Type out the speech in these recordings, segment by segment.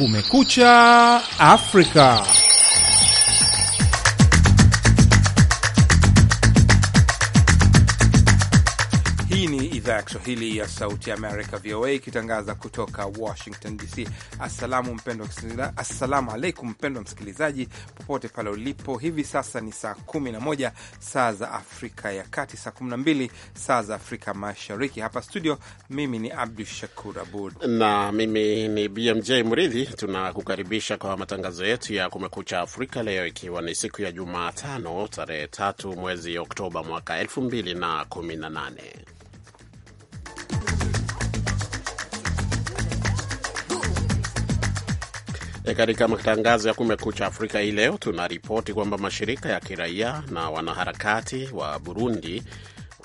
Kumekucha, África. idhaa ya Kiswahili ya Sauti ya Amerika, VOA, ikitangaza kutoka Washington DC. Assalamu mpendwa, assalamu alaikum mpendwa msikilizaji, popote pale ulipo. Hivi sasa ni saa 11 saa za Afrika ya Kati, saa 12 saa za Afrika Mashariki. Hapa studio, mimi ni Abdu Shakur Abud na mimi ni BMJ Mridhi. Tunakukaribisha kwa matangazo yetu ya Kumekucha Afrika leo, ikiwa ni siku ya Jumatano tarehe tatu mwezi Oktoba mwaka 2018. E, katika matangazo ya Kumekucha Afrika hii leo tunaripoti kwamba mashirika ya kiraia na wanaharakati wa Burundi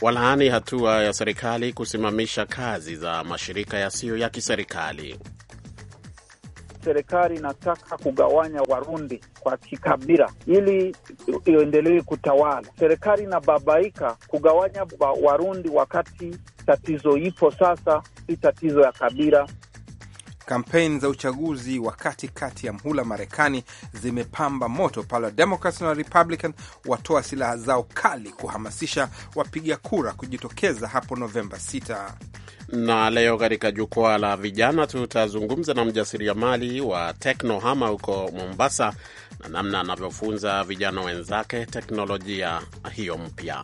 walaani hatua ya serikali kusimamisha kazi za mashirika yasiyo ya, kiserikali. Serikali inataka kugawanya Warundi kwa kikabila ili iendelee kutawala. Serikali inababaika kugawanya Warundi wakati tatizo ipo sasa, si tatizo ya kabila, Kampeni za uchaguzi wa kati kati ya mhula Marekani zimepamba moto pale Wademokrat na Republican watoa silaha zao kali kuhamasisha wapiga kura kujitokeza hapo Novemba 6. Na leo katika jukwaa la vijana tutazungumza na mjasiriamali wa Teknohama huko Mombasa na namna anavyofunza vijana wenzake teknolojia hiyo mpya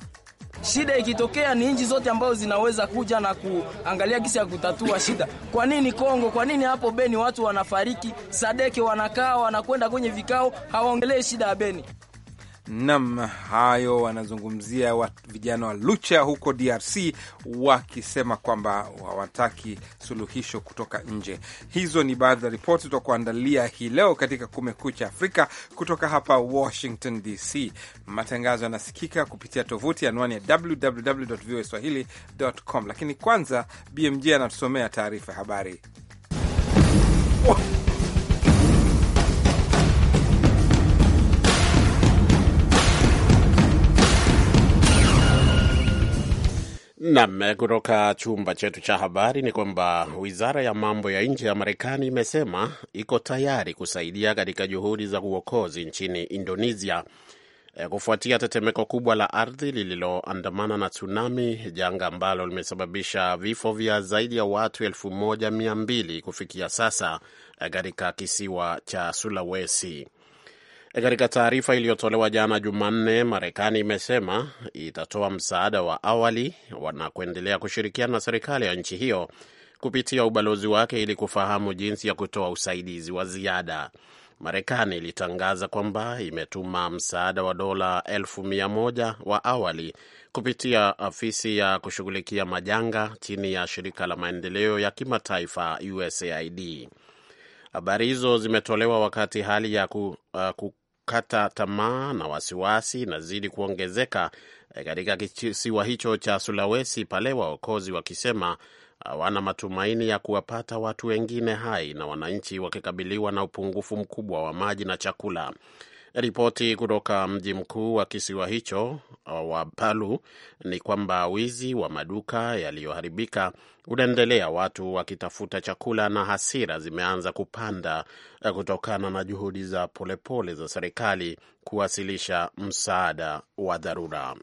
shida ikitokea ni nchi zote ambazo zinaweza kuja na kuangalia kisi ya kutatua shida. Kwa nini Kongo? Kwa nini hapo Beni watu wanafariki? Sadeke wanakaa wanakwenda kwenye vikao, hawaongelee shida ya Beni. Nam, hayo wanazungumzia wa vijana wa Lucha huko DRC wakisema kwamba hawataki suluhisho kutoka nje. Hizo ni baadhi ya ripoti utakuandalia hii leo katika Kumekucha Afrika kutoka hapa Washington DC. Matangazo yanasikika kupitia tovuti anwani ya www voa swahili.com, lakini kwanza BMJ anatusomea taarifa ya habari. Nam, kutoka chumba chetu cha habari ni kwamba wizara ya mambo ya nje ya Marekani imesema iko tayari kusaidia katika juhudi za uokozi nchini Indonesia eh, kufuatia tetemeko kubwa la ardhi lililoandamana na tsunami, janga ambalo limesababisha vifo vya zaidi ya watu elfu moja mia mbili kufikia sasa eh, katika kisiwa cha Sulawesi. Katika taarifa iliyotolewa jana Jumanne, Marekani imesema itatoa msaada wa awali na kuendelea kushirikiana na serikali ya nchi hiyo kupitia ubalozi wake ili kufahamu jinsi ya kutoa usaidizi wa ziada. Marekani ilitangaza kwamba imetuma msaada wa dola elfu mia moja wa awali kupitia afisi ya kushughulikia majanga chini ya shirika la maendeleo ya kimataifa USAID. Habari hizo zimetolewa wakati hali ya ku, uh, ku, kukata tamaa na wasiwasi inazidi kuongezeka e, katika kisiwa hicho cha Sulawesi, pale waokozi wakisema hawana e, matumaini ya kuwapata watu wengine hai na wananchi wakikabiliwa na upungufu mkubwa wa maji na chakula. Ripoti kutoka mji mkuu wa kisiwa hicho uh, wa Palu ni kwamba wizi wa maduka yaliyoharibika unaendelea, watu wakitafuta chakula na hasira zimeanza kupanda uh, kutokana na juhudi za polepole za serikali kuwasilisha msaada wa dharura.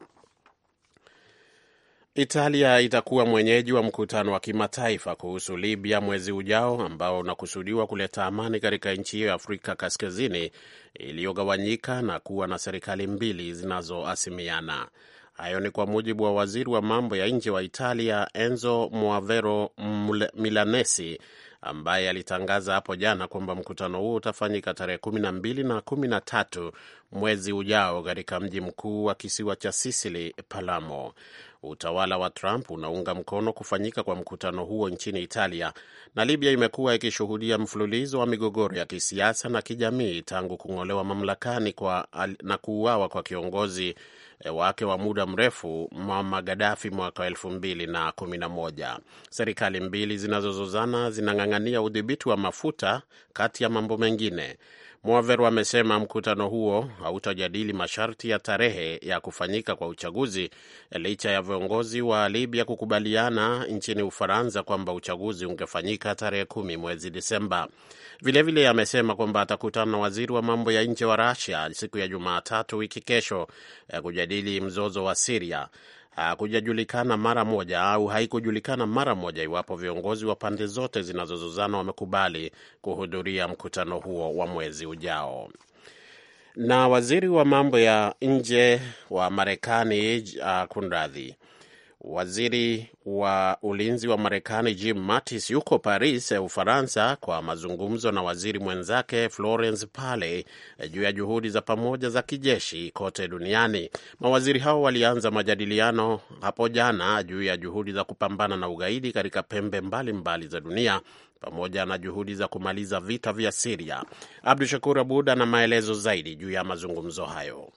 Italia itakuwa mwenyeji wa mkutano wa kimataifa kuhusu Libya mwezi ujao ambao unakusudiwa kuleta amani katika nchi hiyo ya Afrika Kaskazini iliyogawanyika na kuwa na serikali mbili zinazoasimiana. Hayo ni kwa mujibu wa waziri wa mambo ya nje wa Italia Enzo Moavero Milanesi ambaye alitangaza hapo jana kwamba mkutano huo utafanyika tarehe kumi na mbili na kumi na tatu mwezi ujao katika mji mkuu wa kisiwa cha Sisili, Palamo. Utawala wa Trump unaunga mkono kufanyika kwa mkutano huo nchini Italia, na Libya imekuwa ikishuhudia mfululizo wa migogoro ya kisiasa na kijamii tangu kung'olewa mamlakani kwa, na kuuawa kwa kiongozi eh, wake wa muda mrefu Muammar Gaddafi mwaka elfu mbili na kumi na moja. Serikali mbili zinazozozana zinang'ang'ania udhibiti wa mafuta kati ya mambo mengine mwaver amesema mkutano huo hautajadili masharti ya tarehe ya kufanyika kwa uchaguzi licha ya viongozi wa Libya kukubaliana nchini Ufaransa kwamba uchaguzi ungefanyika tarehe kumi mwezi Disemba. Vilevile amesema kwamba atakutana na waziri wa mambo ya nje wa rasia siku ya Jumatatu wiki kesho eh, kujadili mzozo wa Siria hakujajulikana mara moja au haikujulikana mara moja iwapo viongozi wa pande zote zinazozozana wamekubali kuhudhuria mkutano huo wa mwezi ujao. Na waziri wa mambo ya nje wa Marekani uh, kunradhi Waziri wa ulinzi wa Marekani Jim Mattis yuko Paris, Ufaransa, kwa mazungumzo na waziri mwenzake Florence Pale eh, juu ya juhudi za pamoja za kijeshi kote duniani. Mawaziri hao walianza majadiliano hapo jana juu ya juhudi za kupambana na ugaidi katika pembe mbalimbali mbali za dunia pamoja na juhudi za kumaliza vita vya Siria. Abdu Shakur Abud ana maelezo zaidi juu ya mazungumzo hayo.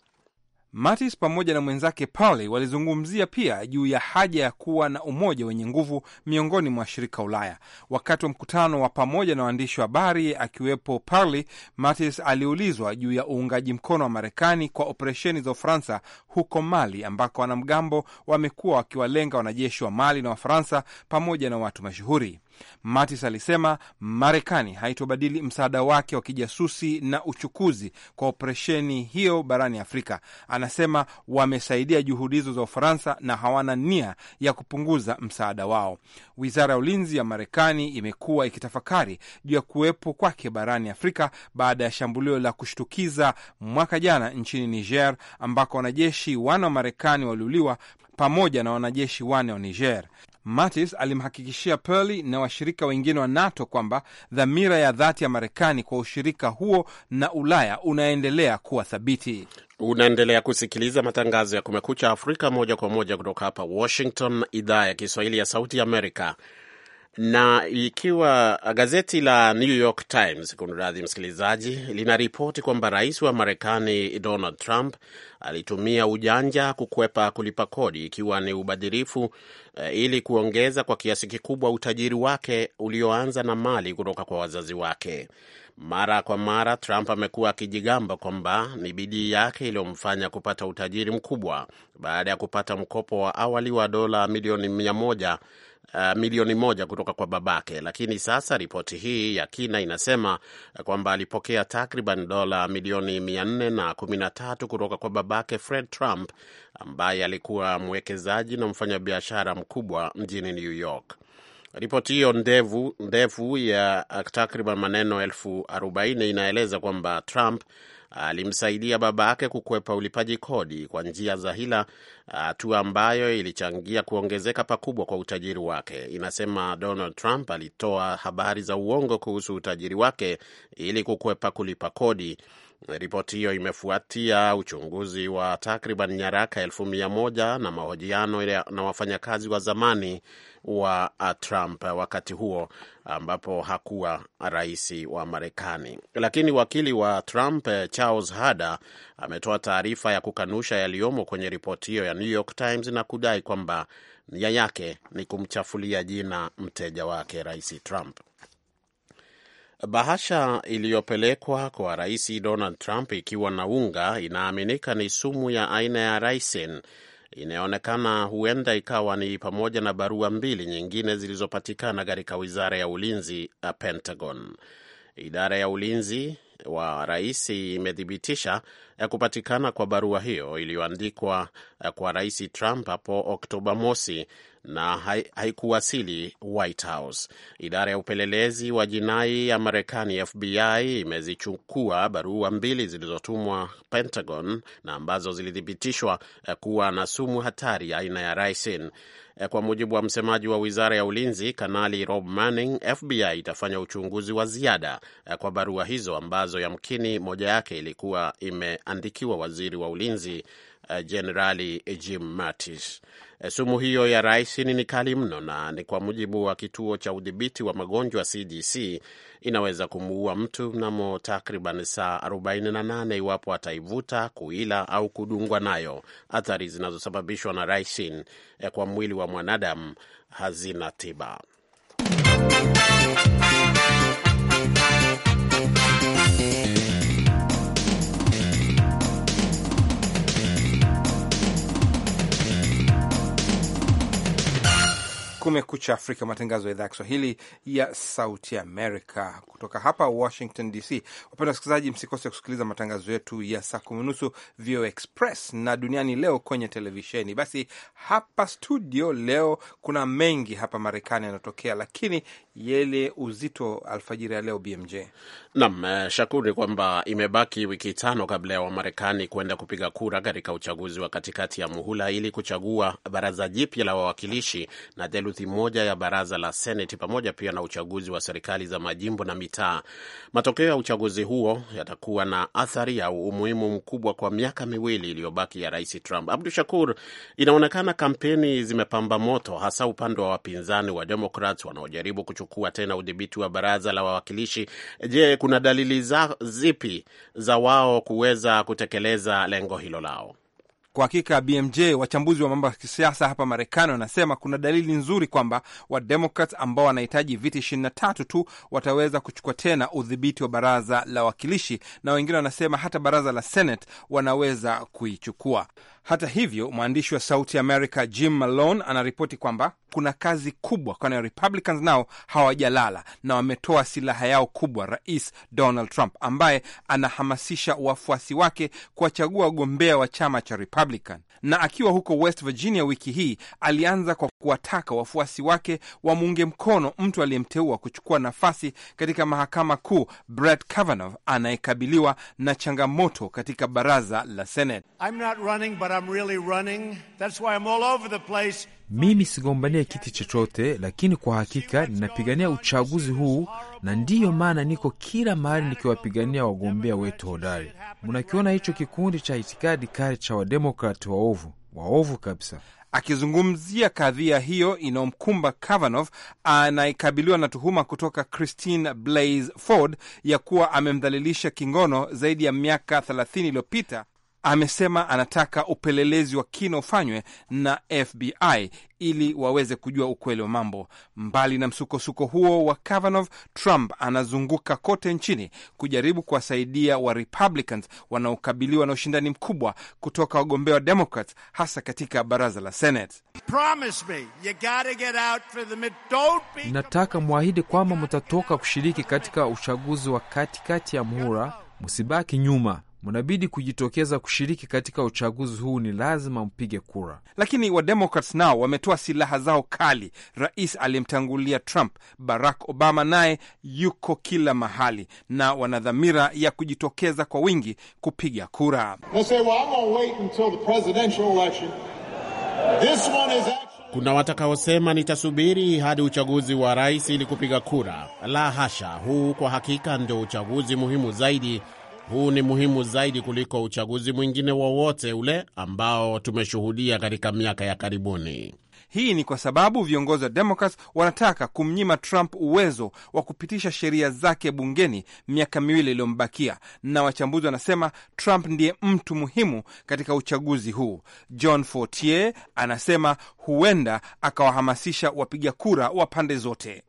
Mattis pamoja na mwenzake Pauli walizungumzia pia juu ya haja ya kuwa na umoja wenye nguvu miongoni mwa washirika Ulaya. Wakati wa mkutano wa pamoja na waandishi wa habari akiwepo Pauli, Mattis aliulizwa juu ya uungaji mkono wa Marekani kwa operesheni za Ufaransa huko Mali, ambako wanamgambo wamekuwa wakiwalenga wanajeshi wa Mali na Wafaransa pamoja na watu mashuhuri. Mattis alisema Marekani haitobadili msaada wake wa kijasusi na uchukuzi kwa operesheni hiyo barani Afrika. Anasema wamesaidia juhudi hizo za Ufaransa na hawana nia ya kupunguza msaada wao. Wizara ya ulinzi ya Marekani imekuwa ikitafakari juu ya kuwepo kwake barani Afrika baada ya shambulio la kushtukiza mwaka jana nchini Niger, ambako wanajeshi wana wa Marekani waliuliwa pamoja na wanajeshi wane wa Niger. Mattis alimhakikishia Perly na washirika wengine wa NATO kwamba dhamira ya dhati ya Marekani kwa ushirika huo na Ulaya unaendelea kuwa thabiti. Unaendelea kusikiliza matangazo ya Kumekucha Afrika moja kwa moja kutoka hapa Washington, idhaa ya Kiswahili ya Sauti Amerika na ikiwa gazeti la New York Times, kunradhi msikilizaji, linaripoti kwamba rais wa Marekani Donald Trump alitumia ujanja kukwepa kulipa kodi, ikiwa ni ubadhirifu uh, ili kuongeza kwa kiasi kikubwa utajiri wake ulioanza na mali kutoka kwa wazazi wake. Mara kwa mara Trump amekuwa akijigamba kwamba ni bidii yake iliyomfanya kupata utajiri mkubwa baada ya kupata mkopo wa awali wa dola milioni mia moja uh, milioni moja kutoka kwa babake, lakini sasa ripoti hii ya kina inasema kwamba alipokea takriban dola milioni mia nne na kumi na tatu kutoka kwa babake Fred Trump ambaye alikuwa mwekezaji na mfanyabiashara mkubwa mjini New York. Ripoti hiyo ndefu ya uh, takriban maneno elfu arobaini inaeleza kwamba Trump alimsaidia baba yake kukwepa ulipaji kodi kwa njia za hila, hatua ambayo ilichangia kuongezeka pakubwa kwa utajiri wake. Inasema Donald Trump alitoa habari za uongo kuhusu utajiri wake ili kukwepa kulipa kodi Ripoti hiyo imefuatia uchunguzi wa takriban nyaraka elfu mia moja na mahojiano na wafanyakazi wa zamani wa uh, Trump wakati huo ambapo hakuwa rais wa Marekani. Lakini wakili wa Trump eh, Charles Harder ametoa taarifa ya kukanusha yaliyomo kwenye ripoti hiyo ya New York Times na kudai kwamba nia yake ni kumchafulia jina mteja wake Rais Trump. Bahasha iliyopelekwa kwa Rais Donald Trump ikiwa na unga inaaminika ni sumu ya aina ya raisin. Inaonekana huenda ikawa ni pamoja na barua mbili nyingine zilizopatikana katika wizara ya ulinzi ya uh, Pentagon. Idara ya ulinzi wa rais imethibitisha ya uh, kupatikana kwa barua hiyo iliyoandikwa uh, kwa Rais Trump hapo Oktoba mosi na haikuwasili White House. Idara ya upelelezi wa jinai ya Marekani, FBI, imezichukua barua mbili zilizotumwa Pentagon na ambazo zilithibitishwa eh, kuwa na sumu hatari aina ya ricin. Eh, kwa mujibu wa msemaji wa wizara ya ulinzi Kanali Rob Manning, FBI itafanya uchunguzi wa ziada eh, kwa barua hizo ambazo yamkini moja yake ilikuwa imeandikiwa waziri wa ulinzi Eh, Jenerali Jim Mattis. Eh, sumu hiyo ya rais ni kali mno, na ni kwa mujibu wa kituo cha udhibiti wa magonjwa CDC, inaweza kumuua mtu mnamo takriban saa 48 iwapo ataivuta, kuila au kudungwa nayo. Athari zinazosababishwa na raisin eh, kwa mwili wa mwanadamu hazina tiba. Kumekucha Afrika, matangazo ya idhaa ya Kiswahili ya Sauti Amerika kutoka hapa Washington DC. Wapenda wasikilizaji, msikose kusikiliza matangazo yetu ya saa kumi nusu VOA Express na Duniani Leo kwenye televisheni. Basi hapa studio leo kuna mengi hapa Marekani yanatokea, lakini yele uzito alfajiri ya leo BMJ Nam eh, Shakur, ni kwamba imebaki wiki tano kabla ya Wamarekani kuenda kupiga kura katika uchaguzi wa katikati ya muhula ili kuchagua baraza jipya la wawakilishi na theluthi moja ya baraza la Seneti, pamoja pia na uchaguzi wa serikali za majimbo na mitaa. Matokeo ya uchaguzi huo yatakuwa na athari au umuhimu mkubwa kwa miaka miwili iliyobaki ya Rais Trump. Abdu Shakur, inaonekana kampeni zimepamba moto, hasa upande wa wapinzani wa Demokrat wanaojaribu kuchukua tena udhibiti wa baraza la wawakilishi. Je, kuna dalili za zipi za wao kuweza kutekeleza lengo hilo lao? Kwa hakika, BMJ, wachambuzi wa mambo ya kisiasa hapa Marekani wanasema kuna dalili nzuri kwamba Wademokrat ambao wanahitaji viti 23 tu wataweza kuchukua tena udhibiti wa baraza la wawakilishi, na wengine wanasema hata baraza la Senate wanaweza kuichukua. Hata hivyo, mwandishi wa Sauti America Jim Malone anaripoti kwamba kuna kazi kubwa, kwani Republicans nao hawajalala na wametoa silaha yao kubwa, Rais Donald Trump ambaye anahamasisha wafuasi wake kuwachagua wagombea wa chama cha Republican. Republican. Na akiwa huko West Virginia wiki hii, alianza kwa kuwataka wafuasi wake wamuunge mkono mtu aliyemteua kuchukua nafasi katika mahakama kuu, Brett Kavanaugh, anayekabiliwa na changamoto katika baraza la Senate. Mimi sigombania kiti chochote, lakini kwa hakika ninapigania uchaguzi huu, na ndiyo maana niko kila mahali nikiwapigania wagombea wetu hodari. Mnakiona hicho kikundi cha itikadi kali cha wademokrati waovu, waovu kabisa. Akizungumzia kadhia hiyo inayomkumba Kavanov, anayekabiliwa na tuhuma kutoka Christine Blasey Ford ya kuwa amemdhalilisha kingono zaidi ya miaka 30 iliyopita amesema anataka upelelezi wa kina ufanywe na FBI ili waweze kujua ukweli wa mambo. Mbali na msukosuko huo wa Kavanaugh, Trump anazunguka kote nchini kujaribu kuwasaidia wa Republicans wanaokabiliwa na ushindani mkubwa kutoka wagombea wa Democrats, hasa katika baraza la Senate. Nataka mwahidi kwamba mtatoka kushiriki katika uchaguzi wa katikati ya muhura, msibaki nyuma mnabidi kujitokeza kushiriki katika uchaguzi huu, ni lazima mpige kura. Lakini wademokrats nao wametoa silaha zao kali. Rais aliyemtangulia Trump, Barack Obama, naye yuko kila mahali na wana dhamira ya kujitokeza kwa wingi kupiga kura. Kuna watakaosema nitasubiri hadi uchaguzi wa rais ili kupiga kura. La hasha, huu kwa hakika ndio uchaguzi muhimu zaidi huu ni muhimu zaidi kuliko uchaguzi mwingine wowote ule ambao tumeshuhudia katika miaka ya karibuni. Hii ni kwa sababu viongozi wa Democrats wanataka kumnyima Trump uwezo wa kupitisha sheria zake bungeni miaka miwili iliyombakia, na wachambuzi wanasema Trump ndiye mtu muhimu katika uchaguzi huu. John Fortier anasema huenda akawahamasisha wapiga kura wa pande zote.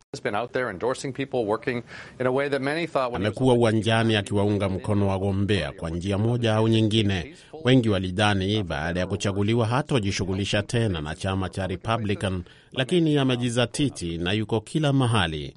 Amekuwa uwanjani akiwaunga mkono wagombea kwa njia moja au nyingine. Wengi walidhani baada ya kuchaguliwa hatojishughulisha tena na chama cha Republican, lakini amejizatiti na yuko kila mahali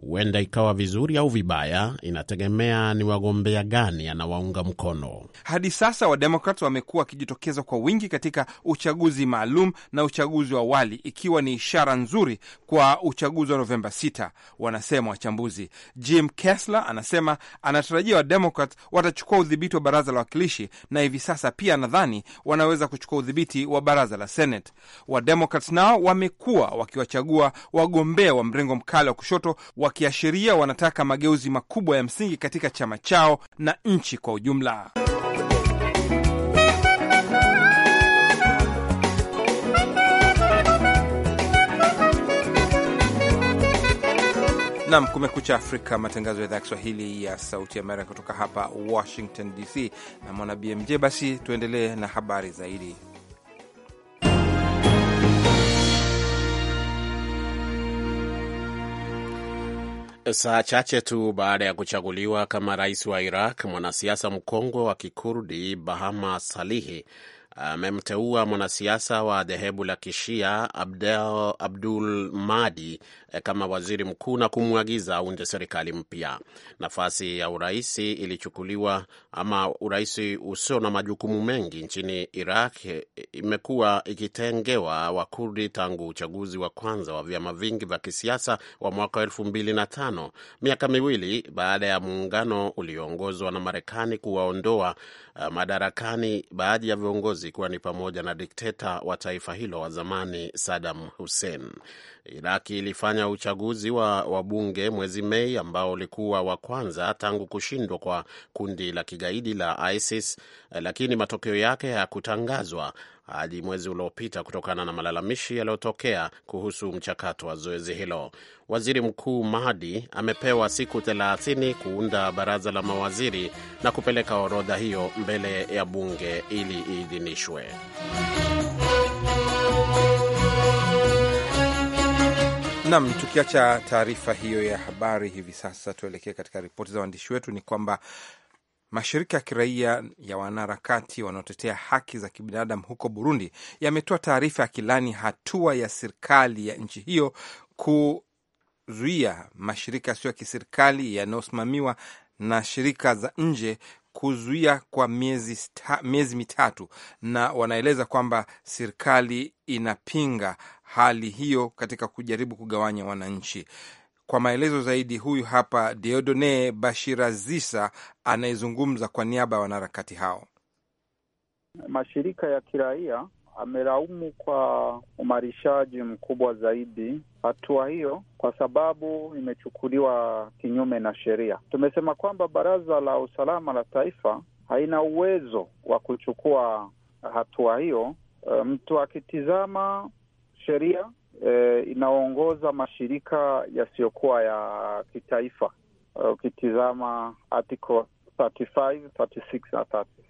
huenda ikawa vizuri au vibaya, inategemea ni wagombea gani anawaunga mkono. Hadi sasa Wademokrat wamekuwa wakijitokeza kwa wingi katika uchaguzi maalum na uchaguzi wa awali, ikiwa ni ishara nzuri kwa uchaguzi wa Novemba 6, wanasema wachambuzi. Jim Kessler anasema anatarajia Wademokrat watachukua udhibiti wa baraza la wakilishi, na hivi sasa pia nadhani wanaweza kuchukua udhibiti wa baraza la Senate. Wademokrat nao wamekuwa wakiwachagua wagombea wa mrengo mkali wa kushoto wa wakiashiria wanataka mageuzi makubwa ya msingi katika chama chao na nchi kwa ujumla. Nam, Kumekucha Afrika, matangazo ya idhaa ya Kiswahili ya Sauti Amerika kutoka hapa Washington DC. Namwona BMJ. Basi tuendelee na habari zaidi. Saa chache tu baada ya kuchaguliwa kama rais wa Iraq, mwanasiasa mkongwe wa kikurdi Bahama Salihi amemteua mwanasiasa wa dhehebu la Kishia Abdel, Abdul madi eh, kama waziri mkuu na kumwagiza aunde serikali mpya. Nafasi ya urais ilichukuliwa ama urais usio na majukumu mengi nchini Iraq eh, imekuwa ikitengewa Wakurdi tangu uchaguzi wa kwanza wa vyama vingi vya kisiasa wa mwaka elfu mbili na tano, miaka miwili baada ya muungano ulioongozwa na Marekani kuwaondoa eh, madarakani baadhi ya viongozi ikiwa ni pamoja na dikteta wa taifa hilo wa zamani Saddam Hussein. Iraki ilifanya uchaguzi wa wabunge mwezi Mei ambao ulikuwa wa kwanza tangu kushindwa kwa kundi la kigaidi la ISIS, lakini matokeo yake hayakutangazwa hadi mwezi uliopita kutokana na malalamishi yaliyotokea kuhusu mchakato wa zoezi hilo. Waziri Mkuu Mahdi amepewa siku 30 kuunda baraza la mawaziri na kupeleka orodha hiyo mbele ya bunge ili iidhinishwe. Nam, tukiacha taarifa hiyo ya habari, hivi sasa tuelekee katika ripoti za waandishi wetu. Ni kwamba Mashirika ya kiraia ya wanaharakati wanaotetea haki za kibinadamu huko Burundi yametoa taarifa ya kilani hatua ya serikali ya nchi hiyo kuzuia mashirika yasiyo ya kiserikali yanayosimamiwa na shirika za nje kuzuia kwa miezi, sta, miezi mitatu, na wanaeleza kwamba serikali inapinga hali hiyo katika kujaribu kugawanya wananchi. Kwa maelezo zaidi, huyu hapa Deodone Bashirazisa anayezungumza kwa niaba ya wanaharakati hao. Mashirika ya kiraia amelaumu kwa umarishaji mkubwa zaidi hatua hiyo kwa sababu imechukuliwa kinyume na sheria. Tumesema kwamba Baraza la Usalama la Taifa haina uwezo wa kuchukua hatua hiyo. E, mtu akitizama sheria e, eh, inaongoza mashirika yasiyokuwa ya kitaifa. Eh, ukitizama article 35, 36 na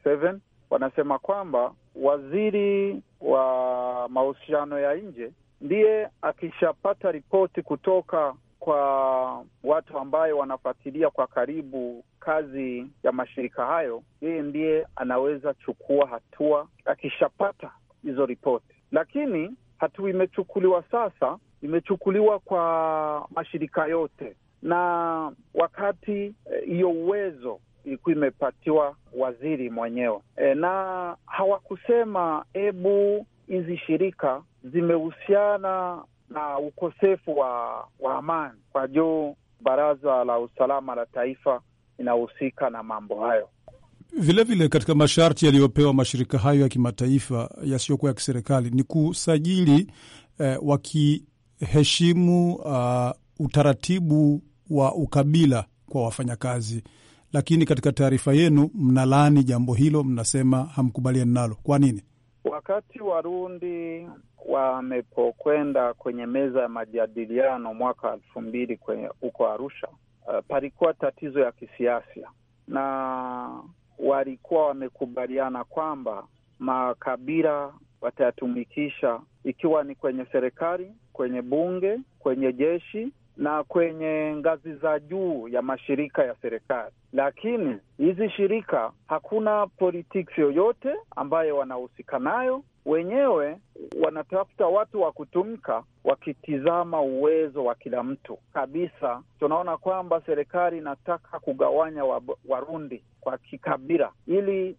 37 wanasema kwamba waziri wa mahusiano ya nje ndiye akishapata ripoti kutoka kwa watu ambayo wanafuatilia kwa karibu kazi ya mashirika hayo, yeye ndiye anaweza chukua hatua akishapata hizo ripoti. Lakini hatua imechukuliwa sasa, imechukuliwa kwa mashirika yote, na wakati eh, hiyo e, uwezo ilikuwa imepatiwa waziri mwenyewe e, na hawakusema hebu hizi shirika zimehusiana na ukosefu wa, wa amani. Kwa juu baraza la usalama la taifa inahusika na mambo hayo. Vilevile vile katika masharti yaliyopewa mashirika hayo ya kimataifa yasiyokuwa ya kiserikali ni kusajili eh, wakiheshimu uh, utaratibu wa ukabila kwa wafanyakazi, lakini katika taarifa yenu mnalaani jambo hilo, mnasema hamkubaliani nalo. Kwa nini? Wakati Warundi wamepokwenda kwenye meza ya majadiliano mwaka elfu mbili huko Arusha, uh, palikuwa tatizo ya kisiasa na walikuwa wamekubaliana kwamba makabila watayatumikisha ikiwa ni kwenye serikali, kwenye bunge, kwenye jeshi na kwenye ngazi za juu ya mashirika ya serikali. Lakini hizi shirika hakuna politics yoyote ambayo wanahusika nayo, wenyewe wanatafuta watu wa kutumka, wakitizama uwezo wa kila mtu kabisa. Tunaona kwamba serikali inataka kugawanya Warundi kwa kikabila ili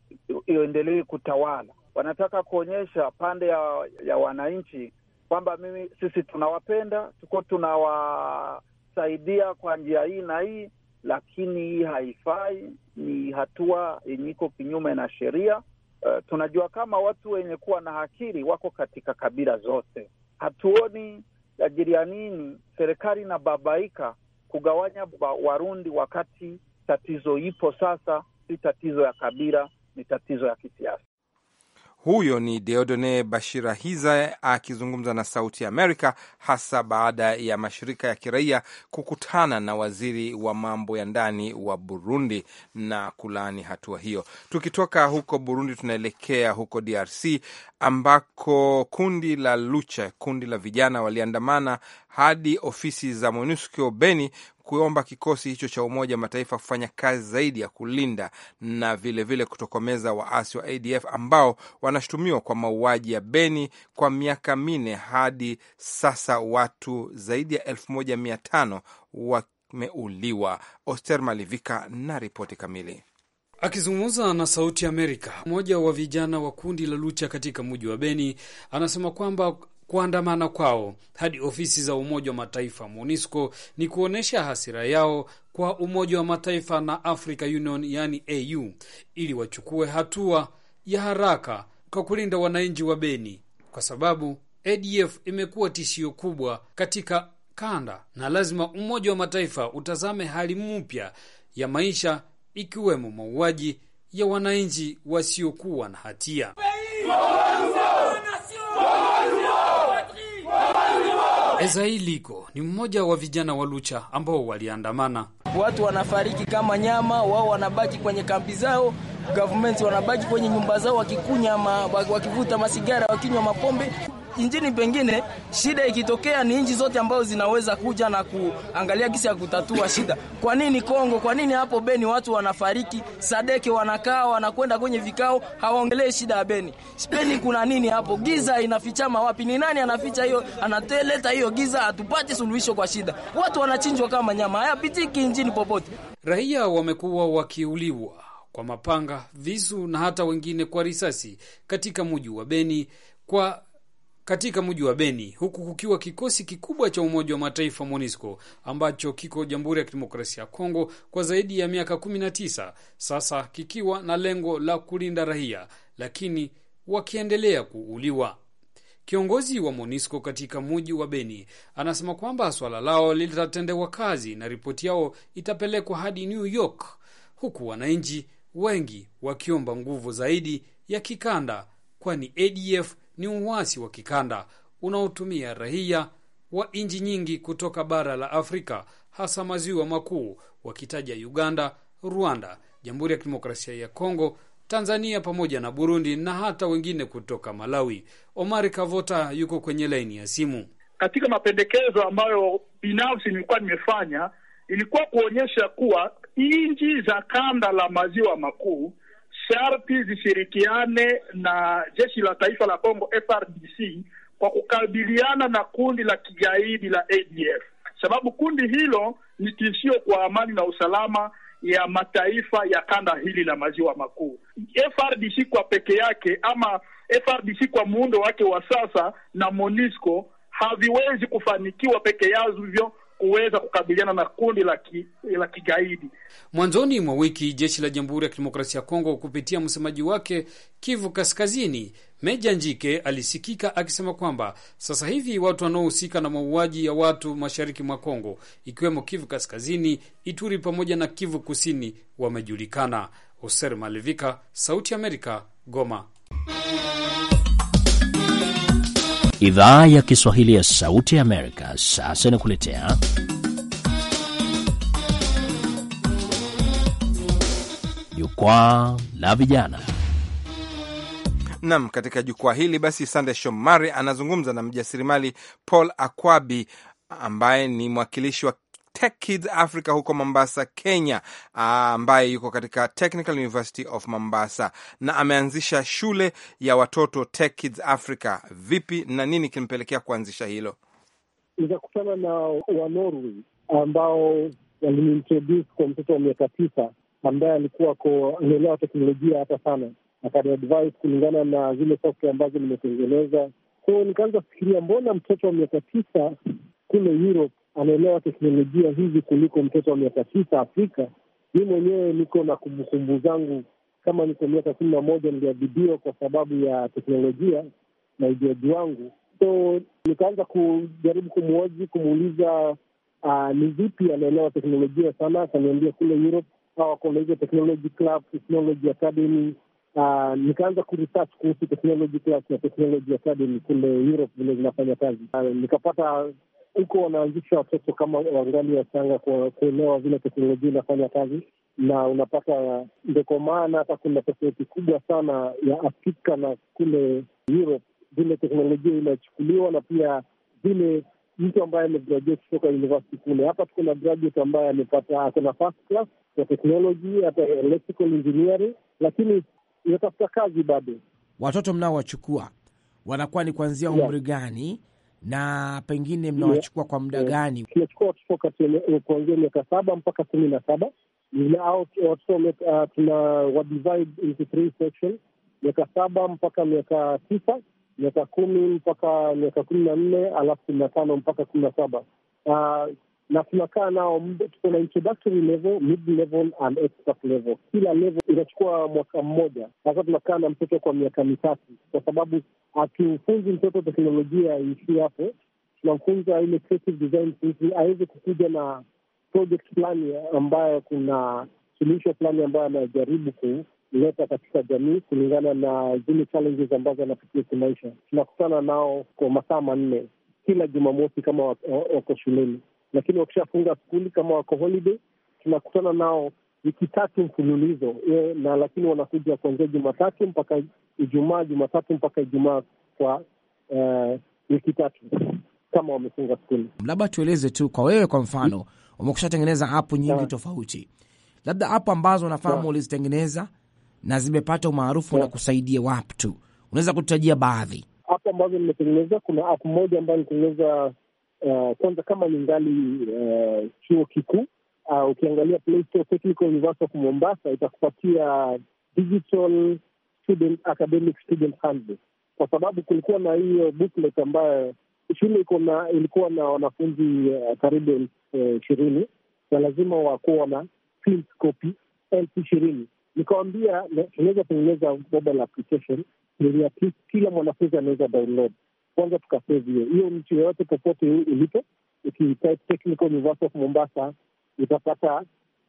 iendelee kutawala. Wanataka kuonyesha pande ya, ya wananchi kwamba mimi, sisi tunawapenda, tuko tunawasaidia kwa njia hii na hii, lakini hii haifai, ni hatua yenye iko kinyume na sheria Uh, tunajua kama watu wenye kuwa na akili wako katika kabila zote. Hatuoni ajili ya nini serikali inababaika kugawanya Warundi wakati tatizo ipo sasa, si tatizo ya kabila, ni tatizo ya kisiasa. Huyo ni Deodone Bashirahiza akizungumza na Sauti Amerika, hasa baada ya mashirika ya kiraia kukutana na waziri wa mambo ya ndani wa Burundi na kulaani hatua hiyo. Tukitoka huko Burundi, tunaelekea huko DRC ambako kundi la Lucha, kundi la vijana waliandamana hadi ofisi za MONUSCO Beni kuomba kikosi hicho cha Umoja wa Mataifa kufanya kazi zaidi ya kulinda na vilevile kutokomeza waasi wa ADF ambao wanashutumiwa kwa mauaji ya Beni kwa miaka minne hadi sasa, watu zaidi ya elfu moja mia tano wameuliwa. Oster Malivika na ripoti kamili. Akizungumza na Sauti Amerika, mmoja wa vijana wa kundi la Lucha katika mji wa Beni anasema kwamba kuandamana kwao hadi ofisi za Umoja wa Mataifa MONUSCO ni kuonyesha hasira yao kwa Umoja wa Mataifa na Africa Union yani AU ili wachukue hatua ya haraka kwa kulinda wananchi wa Beni kwa sababu ADF imekuwa tishio kubwa katika kanda na lazima Umoja wa Mataifa utazame hali mpya ya maisha ikiwemo mauaji ya wananchi wasiokuwa na hatia. Ezailiko ni mmoja wa vijana wa Lucha ambao waliandamana. Watu wanafariki kama nyama, wao wanabaki kwenye kambi zao, government wanabaki kwenye nyumba zao wakikunya ma, wakivuta masigara, wakinywa mapombe, nchini pengine shida ikitokea ni nchi zote ambazo zinaweza kuja na kuangalia kisi ya kutatua shida. Kwa nini Kongo? Kwa nini hapo Beni watu wanafariki? Sadeke wanakaa wanakwenda kwenye vikao, hawaongelee shida ya Beni. Beni kuna nini hapo? Giza inafichama wapi? Ni nani anaficha hiyo, anateleta hiyo giza? Hatupati suluhisho kwa shida, watu wanachinjwa kama nyama, hayapitiki nchini popote. Raia wamekuwa wakiuliwa kwa mapanga, visu na hata wengine kwa risasi katika muji wa Beni kwa katika mji wa Beni, huku kukiwa kikosi kikubwa cha Umoja wa Mataifa MONUSCO ambacho kiko Jamhuri ya Kidemokrasia ya Kongo kwa zaidi ya miaka 19 sasa, kikiwa na lengo la kulinda raia, lakini wakiendelea kuuliwa. Kiongozi wa MONUSCO katika muji wa Beni anasema kwamba swala lao litatendewa kazi na ripoti yao itapelekwa hadi New York, huku wananchi wengi wakiomba nguvu zaidi ya kikanda, kwani ADF ni uwasi wa kikanda unaotumia raia wa nchi nyingi kutoka bara la Afrika, hasa maziwa makuu, wakitaja Uganda, Rwanda, Jamhuri ya Kidemokrasia ya Kongo, Tanzania pamoja na Burundi na hata wengine kutoka Malawi. Omari Kavota yuko kwenye laini ya simu. Katika mapendekezo ambayo binafsi nilikuwa nimefanya ilikuwa kuonyesha kuwa nchi za kanda la maziwa makuu sharti zishirikiane na jeshi la taifa la Kongo FRDC kwa kukabiliana na kundi la kigaidi la ADF, sababu kundi hilo ni tishio kwa amani na usalama ya mataifa ya kanda hili la maziwa makuu. FRDC kwa peke yake ama FRDC kwa muundo wake wa sasa na MONUSCO haviwezi kufanikiwa peke hivyo kuweza kukabiliana na kundi la ki, la kigaidi. Mwanzoni mwa wiki jeshi la Jamhuri ya Kidemokrasia ya Kongo kupitia msemaji wake Kivu Kaskazini, Meja Njike alisikika akisema kwamba sasa hivi watu wanaohusika na mauaji ya watu mashariki mwa Kongo ikiwemo Kivu Kaskazini, Ituri pamoja na Kivu Kusini wamejulikana. Hoser Malivika, Sauti Amerika, Goma. Idhaa ya Kiswahili ya Sauti ya Amerika sasa inakuletea Jukwaa la Vijana. Nam, katika jukwaa hili basi, Sande Shomari anazungumza na mjasirimali Paul Akwabi ambaye ni mwakilishi wa Tech Kids Africa huko Mombasa, Kenya, ah, ambaye yuko katika Technical University of Mombasa na ameanzisha shule ya watoto Tech Kids Africa. Vipi na nini kimpelekea kuanzisha hilo? Nikakutana na Wanorway ambao waliniintroduce kwa mtoto wa miaka tisa ambaye alikuwa anaelewa teknolojia hata sana, akani kulingana na zile software ambazo nimetengeneza. So nikaanza kufikiria, mbona mtoto wa miaka tisa kule Europe anaelewa teknolojia hizi kuliko mtoto wa miaka tisa Afrika. Mi mwenyewe niko na kumbukumbu zangu kama niko miaka kumi na moja niliadhibiwa kwa sababu ya teknolojia na ujuaji wangu, so nikaanza kujaribu kumwoji, kumuuliza uh, ni vipi anaelewa teknolojia sana. Akaniambia kule Europe ah, wako na hizo technology club, technology academy. Uh, nikaanza kuresearch kuhusu technology club na technology academy kule Europe vile zinafanya kazi. Uh, nikapata huko wanaanzisha watoto kama wangali wachanga kuelewa vile teknolojia inafanya kazi, na unapata ndio kwa maana hata kuna tofauti kubwa sana ya Afrika na kule Europe vile teknolojia inachukuliwa na pia vile mtu ambaye amegraduate kutoka university kule. Hapa tuko na graduate ambaye amepata ako na first class ya technology, hata electrical engineering, lakini inatafuta kazi bado. Watoto mnaowachukua wanakuwa ni kuanzia umri yeah, gani na pengine mnawachukua kwa muda gani? tunachukua watoto kuanzia miaka saba mpaka kumi na saba uh, section miaka saba mpaka miaka tisa miaka kumi mpaka miaka kumi na nne alafu kumi na tano mpaka kumi na saba uh, na tunakaa nao, tuko na introductory level, mid level and expert level. Kila level inachukua mwaka mmoja. Sasa tunakaa na mtoto kwa miaka mitatu, kwa sababu akiufunzi mtoto teknolojia aishi hapo, tunamfunza ile creative design, aweze kukuja na project fulani ambayo kuna suluhisho fulani ambayo anajaribu kuleta katika jamii kulingana na zile challenges ambazo anapitia kimaisha. Tunakutana nao kwa masaa manne kila Jumamosi kama wako shuleni lakini wakishafunga skuli kama wako holiday, tunakutana nao wiki tatu mfululizo e, na lakini wanakuja kuanzia Jumatatu mpaka Ijumaa, Jumatatu mpaka Ijumaa kwa uh, wiki tatu kama wamefunga skuli. Labda tueleze tu kwa wewe, kwa mfano umekushatengeneza apu nyingi tofauti, labda apu ambazo unafahamu ulizitengeneza na zimepata umaarufu na kusaidia waptu unaweza kutajia baadhi? Apu ambazo nimetengeneza, kuna apu moja ambayo nilitengeneza Eh, kwanza kama ni ngali uh, chuo kikuu uh, ukiangalia Play Store Technical University of Mombasa itakupatia Digital Student Academic Student kwa sababu kulikuwa na hiyo booklet ambayo shule iko na ilikuwa na wanafunzi uh, karibu elfu ishirini na lazima wakuwa na copy elfu ishirini Nikawambia tunaweza tengeneza mobile application kila mwanafunzi anaweza download kwanza tukasave hiyo hiyo. Mtu yoyote popote ulipo, ukitype Technical University of Mombasa utapata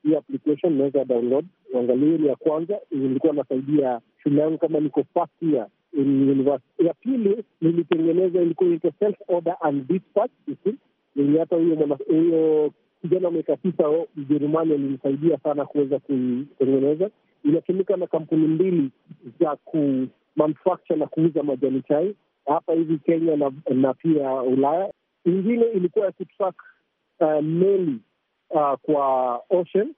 hii application, unaweza download uangalie. Ni ya kwanza ilikuwa nasaidia shule yangu kama niko first year in university. Ya pili nilitengeneza ilikuwa self order and dispatch hata huyo huyo kijana miaka tisa oh, Mjerumani alinisaidia sana kuweza kuitengeneza. Inatumika na kampuni mbili za kumanufacture na kuuza majani chai hapa hivi Kenya na, na pia Ulaya. Ingine ilikuwa ya kutrack uh, meli uh, kwa ocean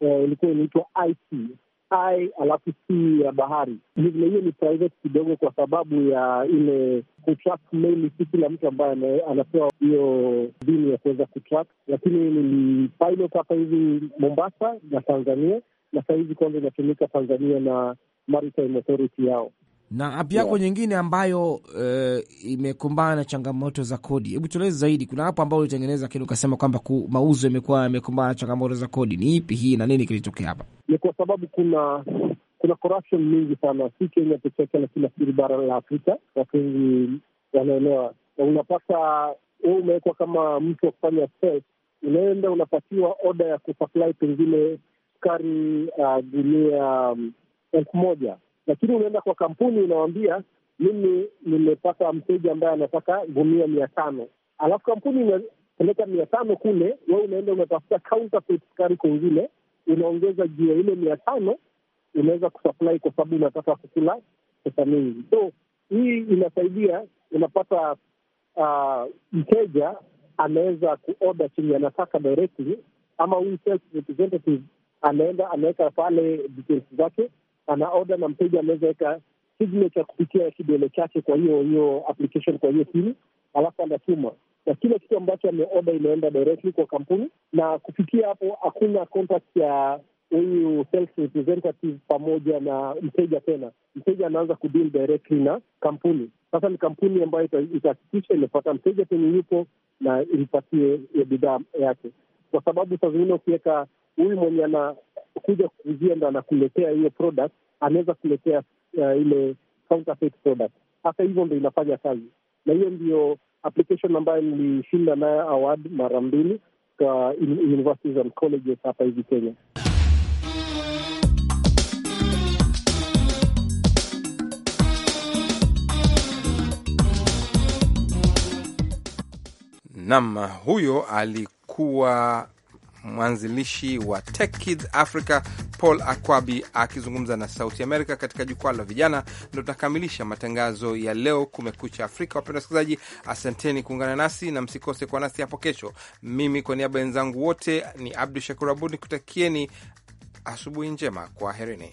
uh, ilikuwa inaitwa IC I alafu si ya bahari. Vilevile hiyo ni private kidogo, kwa sababu ya ile kutrack meli, si kila mtu ambaye anapewa hiyo dini ya kuweza kutrack, lakini nilipilot hapa hivi Mombasa na Tanzania, na sahizi kwanza inatumika Tanzania na Maritime Authority yao na app yako yeah, nyingine ambayo uh, imekumbana na changamoto za kodi. Hebu tueleze zaidi, kuna hapo ambao ulitengeneza kile ukasema kwamba mauzo yamekuwa yamekumbana na changamoto za kodi. Ni ipi hii na nini kilitokea hapa? Ni kwa sababu kuna kuna corruption mingi sana, si Kenya peke yake, lakini nafikiri bara la Afrika watu wengi wanaelewa, na unapata we umewekwa kama mtu wa kufanya unaenda unapatiwa oda ya kusupply pengine sukari ah, gunia um, elfu moja lakini unaenda kwa kampuni unawambia, mimi nimepata mteja ambaye anataka gunia mia tano alafu kampuni inapeleka mia tano kule, we unaenda unatafuta counterfeit sukari kwingine, unaongeza juu ya ile mia tano unaweza kusupply kwa sababu unataka kukula pesa mingi. So hii inasaidia, unapata uh, mteja anaweza kuoda chenye anataka directly, ama huyu representative anaenda anaweka pale details zake ana oda na mteja anaweza weka signature kupitia kidole chake kwa hiyo hiyo application, kwa hiyo simu, alafu anatuma na kile kitu ambacho ameoda inaenda directly kwa kampuni, na kufikia hapo hakuna contact ya huyu sales representative pamoja na mteja tena. Mteja anaanza kudeal directly na kampuni. Sasa ni kampuni ambayo itahakikisha imepata mteja penye yupo na ilipatie bidhaa yake, kwa sababu saa zingine ukiweka huyu mwenye ana kuja kuuzia ndo anakuletea hiyo product, anaweza kuletea uh, ile counterfeit product. Hata hivyo ndo inafanya kazi, na hiyo ndio application ambayo nilishinda nayo award mara mbili kwa universities and colleges hapa hivi Kenya. Nam, huyo alikuwa mwanzilishi wa Tech Kids Africa Paul Akwabi akizungumza na Sauti Amerika katika jukwaa la vijana. Ndo tunakamilisha matangazo ya leo Kumekucha Afrika. Wapenda wasikilizaji, asanteni kuungana nasi na msikose kwa nasi hapo kesho. Mimi kwa niaba wenzangu wote ni Abdu Shakur Abud nikutakieni asubuhi njema, kwaherini.